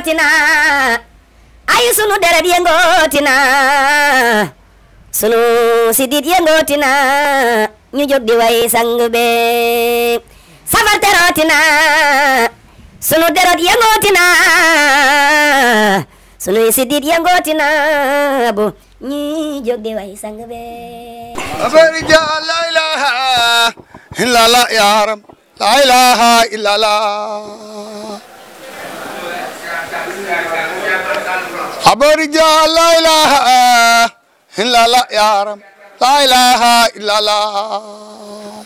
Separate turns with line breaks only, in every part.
yëngootina ay sunu deret yëngootina sunu sidit yëngootina ñu jóg di way sang be safar terootina sunu deret yëngootina sunuy sidit yëngootina bu ñi jóg di way sang be abari ja la ilaha
illa la ya ram la ilaha illa la أبو رجال لا إله إلا الله يا رب لا إله إلا الله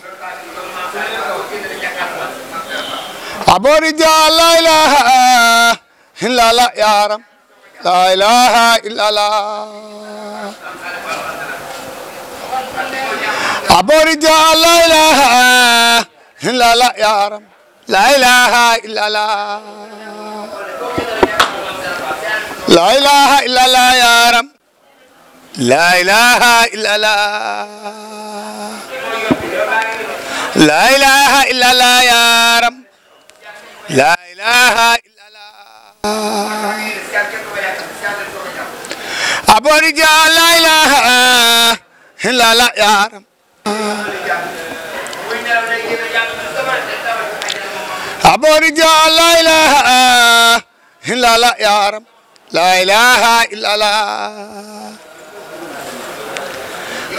أبو رجال لا إله إلا الله يا رب لا إله إلا
الله
أبو رجال لا إله إلا الله يا رب لا إله إلا الله laa ilaaha illallah yaa rab
laa ilaaha illallah laa ilaaha
illallah yaa rab laa ilaaha illallah aboori jaa laa ilaaha illallah yaa rab aboori jaa laa ilaaha illallah yaa rab laa ilaha illallah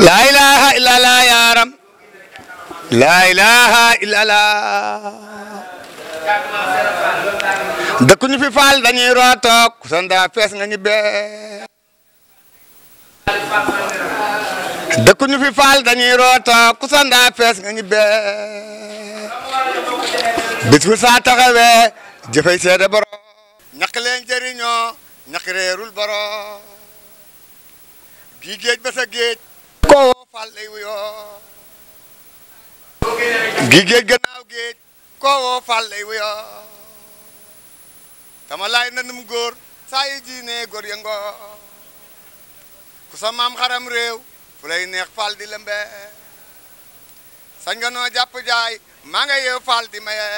laa ilaha
illallah yaaram laa ilaha illallah dëkk ñu fi faal dañuy rootoog sanda fees nga ñu bee dëkk ñu fi faal dañuy rootoog sanda fees nga ñu bee bis bu saa taxawee jëfay seede borom ñaq leen jëriñoo ñaqi reerul boro gi géej ba sa géej koo fal lay wuyoo gi géej gannaaw géej koo fal lay wuyoo tama laay nanum góor saa yi diine góor yëngoo ku sa maam xaram réew fu neex fal di lëmbe sañ nga noo jàpp yeew fal di maye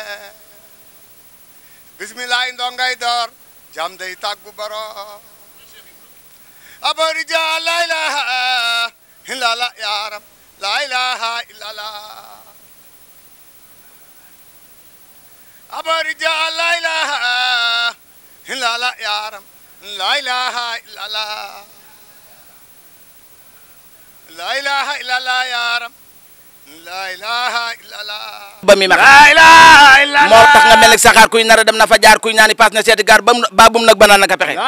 bismillaay ndongay door jam day tàggu borom aborija laa ilaaha illalla yaa rab ilaaha illalla aborija laa ilaaha illalla yaa rab ilaaha illalla laa
ba mi ma moo tax nga mel ni saxaar kuy nar a dem na fa jaar kuy naani paas na seeti gaar bam ba bum nag ba naan naka pexe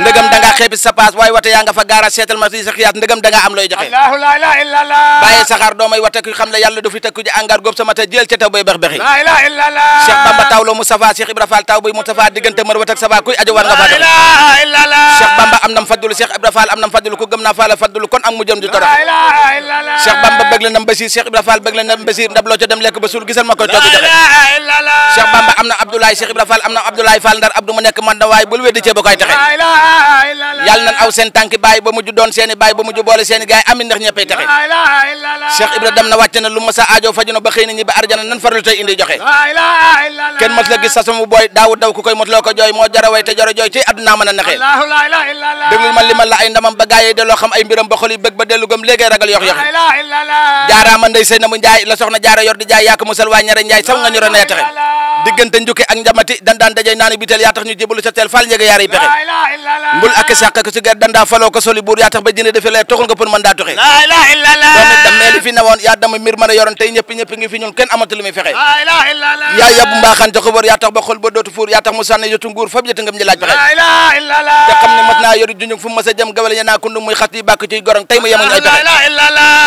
ndëgam da ngaa xeebi sa paas waaye wate yaa nga fa gaara seetal ma si sa xiyaas am looy joxe bàyyi saxaar doomay wate ku xam le yàlla du fi teg ku sama te jël ca taw bex bexi Cheikh Bamba tawlo Moustapha Cheikh Ibra Fall taw bay Moustapha diggante mër wat safa kuy aju war fa dox Cheikh Bamba am nam faddulu Cheikh Ibra ca dem lekk ba suul gisal ma koy togg joxe Cheikh Bamba am na Abdoulaye Cheikh Ibra Fall am na Abdoulaye Fall Ndar Abdou mu nekk man da waaye bul weddi cee ba koy texe yàlla nan aw seen tànki bàyyi ba mujj doon seeni bàyyi ba mujj boole seeni gaay amin ndax ñëppay texe Cheikh Ibra dem na wàcc na lu ma sa aajo faju na ba xëy na ñi ba arjana nan farlu tey indi joxe kenn mos la gis sa sama booy daawu daw ku koy mos loo ko jooy moo jara way te jara jooy ci àdduna mën a naxee déglul ma limal la ay ndamam ba gaay yi deloo xam ay mbiram ba xol yi bëgg ba dellu gëm léegi ragal yox yox jaaraama ndey sëy na mu njaay la soxna jaara yor di jaay yaak musal waay ñare njaay saw nga ñoro nay taxe diggante njukke ak njamati dan daan dajay naanu biteel yaa tax ñu jébalu sa teel faal njege yaari pexe mbul ak sàq ko si soli buur yaa tax ba jëne defe lay toxul nga pour mën daa toxe doone dammeeli fi nawoon yaa dama mir mën a yoroon tey ñëpp ñëpp ngi fi ñun kenn amatu fexe yaa yabu mbaaxaan jox ko yaa tax ba xol ba fuur yaa tax mu sànni yotu nguur fab yëtu ngam ñi laaj pexe te xam a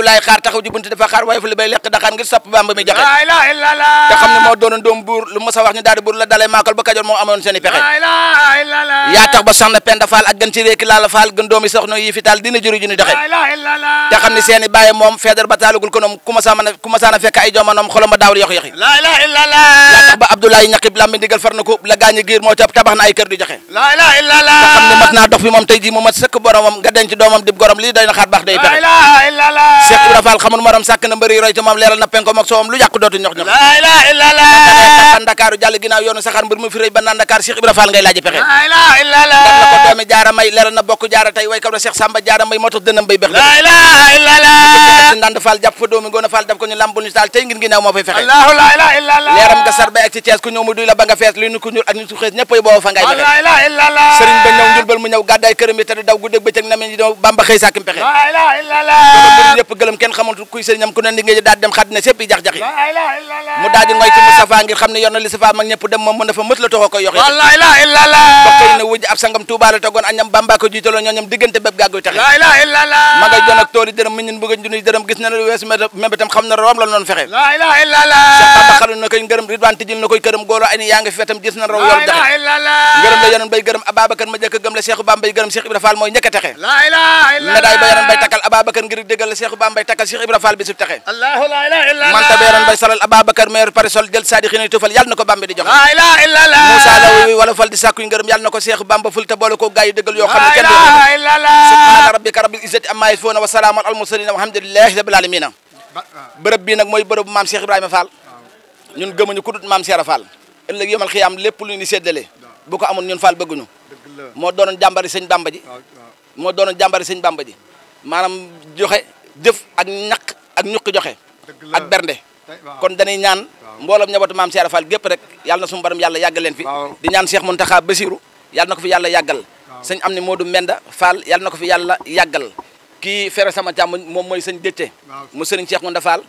Abdoulaye xaar taxaw ji bunti dafa xaar waaye fu li bay lekk daxaar ngir sapp bamba mi jaxe te xam ne moo doonoon doom buur lu ma sa wax ñu daal di buur la dalay maakal ba kajoor moo amoon seen i pexe
yaa
tax ba soxna Penda Fall ak gën ci réeki laala Fall gën doomi soxna yi fi taal dina juri ju ñu doxe te xam ne seen i bàyyi moom feedar ba taalugul konoom ku ma saamana ku ma saana fekk ay joomanoom xolom ba daawr yox yoxi yaa tax ba Abdoulaye ñaqib lam bi ndigal far na ko la gaañi giir moo cap tabax na ay kër du joxe
te xam ne
mat naa dox fi moom tey ji mu mat sëkk boromam nga denc doomam dib gorom lii doy na xaar baax day pexe Cheikh Ibra Fall xamul morom sàkk na mbëri roy te moom leeral la ilaha illallah ba la da ko doomi jaara may leeral na bokk jaara tey way kaw da Cheikh Samba jaara may moo tax dënam bay bex la ilaha illallah ndand Fall jàpp fa doomi ngoon a Fall daf ko ñu lambul ñu taal tey ngir ngi neew leeram nga sar bay ak ci ku ñëw mu duy la ba nga fees lu ñu ku ñuul ak su xees ñëpp ay booba fa ngay yi te gëlëm kenn xamantu kuy sëriñam ku ne ni nga daal di dem xaddina sépp yi jax-jax yi mu daal di ngoy ci Moustapha ngir xam ne yor na li safa mag ñëpp dem moom mën dafa mës la toxoo koy yoxe la ilaha illallah bokkay na wujj ab sangam Touba la tegoon añam Bamba ko jiitaloo ñooñam diggante bépp gàgguy tax la ilaha illallah ma ngay jon ak tooli dërëm mi ñun bëgg junni dërëm gis na lu weesu même itam xam na room la noonu fexe la ilaha illallah xalu na koy ngërëm ridwaan tijil na koy këram góoloo ay ni yaa ngi fi itam gis na raw yoon jaxe ngërëm la yonen bay gërëm Ababacar ma jëkk gëm la Seexu Bamba bay gërëm Seex Ibra Faal mooy ñëkk a texe
la ilaha illallah médaille ba
yonen bay takkal Ababacar ngir déggal la Seexu Bamba Mbaam Bay takkal Cheikh Ibra Fall bi sub taxe
Allahu la ilaha illa Allah man
tabeeran bay salal Ababakar meer pare sol jël la ilaha illa Allah Moussa Lawi wala fal di sàkkuy ngërëm yàlla na ko Cheikh Bamba ful te boole ko gaay yi dëggal yoo xam ne kenn subhaana rabbika rabbil izzati amma yasifun wa salaamun al mursalin walhamdulillahi rabbil alamin ah. ñun gëmuñu bëgguñu moo doonoon jàmbari sëñ Bamba moo doonoon jàmbari sëñ Bamba ji joxe jëf ak ñaq ak ñuqi joxe ak bernde kon dañuy ñaan mbooloom njabootu maam Cheikh Fall gépp rek yàlla na suñu borom yàlla yàggal leen fi di ñaan Cheikh Mountakha Bassirou yàlla na ko fi yàlla yàggal sëñ am ni Modou na ko fi yàlla yàggal kii fere sama càmm moom mooy sëñ Dëcce mu sëriñ Cheikh Mounda Fall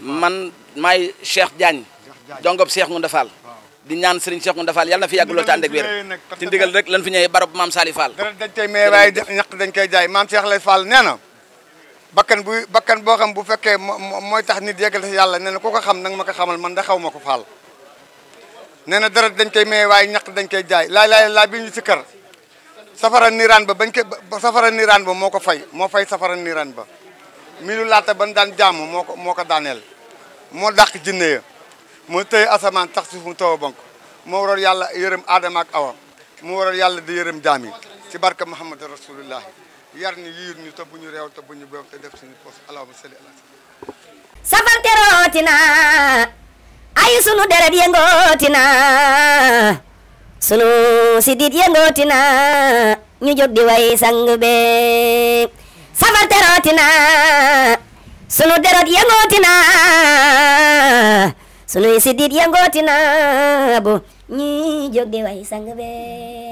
man maay Cheikh Diagne dongob Cheikh Mounda Fall di ñaan sëriñ Cheikh Mounda Fall yàlla na fi yàgg lool te ànd ak wér ci ndigal rek lan fi ñëwee barab maam Sali Fall.
dara bakkan bu bakkan boo xam bu fekkee mooy tax nit yeggal si yàlla nee na ku ko xam nag ma ko xamal man da xaw ma ko faal nee na deret dañ koy maye waaye ñaq dañ koy jaay laay laay laa bi si kër safara niiraan ba bañ ko safara niiraan ba moo ko fay moo fay safara niiraan ba mi lu laata ban daan jàmm moo ko moo ko daaneel moo dàq jinne ya moo tëye asamaan tax suuf mu taw a bonk moo waral yàlla yërëm aadama ak awa moo waral yàlla di yërëm jaam yi ci barka muhammad rasulullahi yar ñu yiir ñu te bu ñu réew te bu ñu beew te def suñu poos allahumma salli ala
safante rootina ay sunu deret yëngootina sunu sidit yëngootina ñu jóg di way sang be safante rootina sunu deret yëngootina sunu sidit yëngootina bu ñu jóg di way sang be